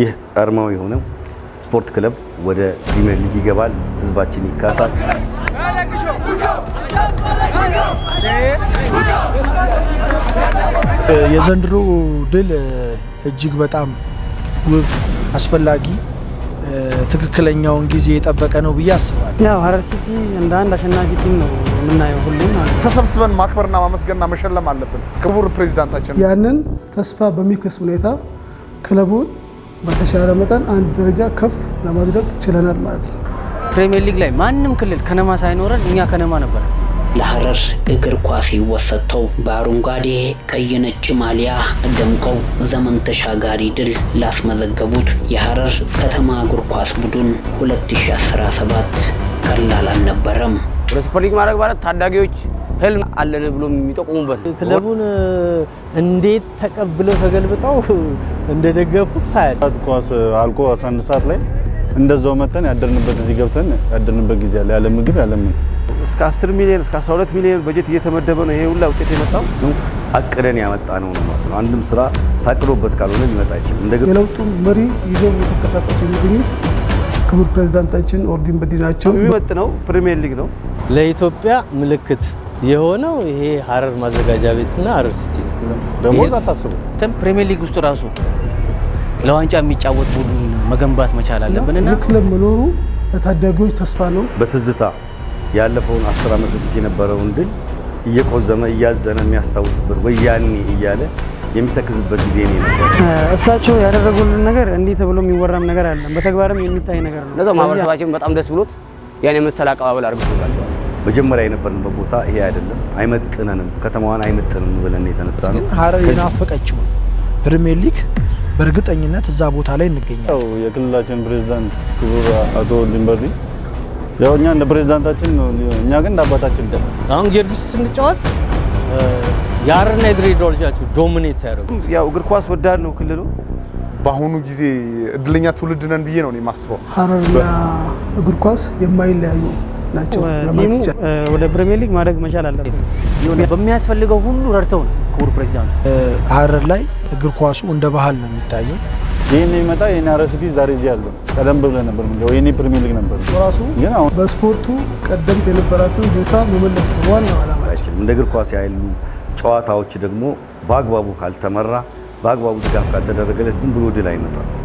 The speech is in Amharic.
ይህ አርማው የሆነው ስፖርት ክለብ ወደ ፕሪሚየር ሊግ ይገባል፣ ህዝባችን ይካሳል። የዘንድሮ ድል እጅግ በጣም ውብ፣ አስፈላጊ፣ ትክክለኛውን ጊዜ የጠበቀ ነው ብዬ አስባለሁ። ያው ሀረር ሲቲ እንደ አንድ አሸናፊ ቲም ነው የምናየው። ሁሉም ተሰብስበን ማክበርና ማመስገንና መሸለም አለብን ክቡር ፕሬዚዳንታችን። ያንን ተስፋ በሚክስ ሁኔታ ክለቡን በተሻለ መጠን አንድ ደረጃ ከፍ ለማድረግ ችለናል ማለት ነው። ፕሪሚየር ሊግ ላይ ማንም ክልል ከነማ ሳይኖረን እኛ ከነማ ነበር። ለሐረር እግር ኳስ ሕይወት ሰጥተው በአረንጓዴ ቀይነጭ ማሊያ ደምቀው ዘመን ተሻጋሪ ድል ላስመዘገቡት የሐረር ከተማ እግር ኳስ ቡድን 2017 ቀላል አልነበረም። ሱፐር ሊግ ማድረግ ማለት ታዳጊዎች ህልም አለን ብሎ የሚጠቁሙበት ክለቡን እንዴት ተቀብለው ተገልብጠው እንደደገፉት ታያል። ኳስ አልቆ 11 ሰዓት ላይ እንደዛው መጠን ያደርንበት እዚህ ገብተን ያደርንበት ጊዜ አለ። ያለ ምግብ ያለ ምን እስከ 10 ሚሊዮን እስከ 12 ሚሊዮን በጀት እየተመደበ ነው። ይሄ ሁላ ውጤት የመጣው አቅደን ያመጣ ነው ማለት ነው። አንድም ስራ ታቅዶበት ካልሆነ ሊመጣ አይችልም። እንደ የለውጡ መሪ ይዘው የተንቀሳቀሱ የሚገኙት ክቡር ፕሬዚዳንታችን ኦርዲን በዲናቸው የሚመጥ ነው ፕሪሚየር ሊግ ነው ለኢትዮጵያ ምልክት የሆነው ይሄ ሀረር ማዘጋጃ ቤትና ሀረር ሲቲ ነው። ደሞዝ አታስቡ። ፕሪሚየር ሊግ ውስጥ ራሱ ለዋንጫ የሚጫወት ቡድን መገንባት መቻል አለብን እና ክለብ መኖሩ ለታዳጊዎች ተስፋ ነው። በትዝታ ያለፈውን አስር ዓመት በፊት የነበረውን ድል እየቆዘመ እያዘነ የሚያስታውስበት ወያኔ እያለ የሚተክዝበት ጊዜ ነው ነበር። እሳቸው ያደረጉልን ነገር እንዲህ ተብሎ የሚወራም ነገር አለ፣ በተግባርም የሚታይ ነገር ነው። ለዛ ማህበረሰባችን በጣም ደስ ብሎት ያን የመሰል አቀባበል አድርጎላቸዋል። መጀመሪያ የነበርንበት ቦታ ይሄ አይደለም፣ አይመጥነንም፣ ከተማዋን አይመጥንም ብለን የተነሳ ነው። ሀረር የናፈቀችው ፕሪሚየር ሊግ በእርግጠኝነት እዛ ቦታ ላይ እንገኛለን። የክልላችን ፕሬዚዳንት ክቡር አቶ ሊምበርዲ ያው እኛ እንደ ፕሬዚዳንታችን ነው፣ እኛ ግን እንደ አባታችን ደ አሁን ጊዮርጊስ ስንጫወት የሀረርና የድሬዳዋ ልጃቸው ዶሚኔት ያደረጉ ያው እግር ኳስ ወዳድ ነው ክልሉ። በአሁኑ ጊዜ እድለኛ ትውልድ ነን ብዬ ነው የማስበው። ሀረርና እግር ኳስ የማይለያዩ ናቸው። ወደ ፕሪሚየር ሊግ ማደግ መቻል አለበት። በሚያስፈልገው ሁሉ ክቡር ፕሬዚዳንቱ ሀረር ላይ እግር ኳሱ እንደ ባህል ነው የሚታየው። ይህን ይህን ዛሬ እዚህ ያለው ቀደም ነበር ምንለው ይህኔ ፕሪሚየር ሊግ ነበር ራሱ ግን አሁን በስፖርቱ ቀደምት የነበራትን ቦታ መመለስ ዋናው አላማችን። እንደ እግር ኳስ ያሉ ጨዋታዎች ደግሞ በአግባቡ ካልተመራ በአግባቡ ድጋፍ ካልተደረገለት ዝም ብሎ ድል አይመጣም።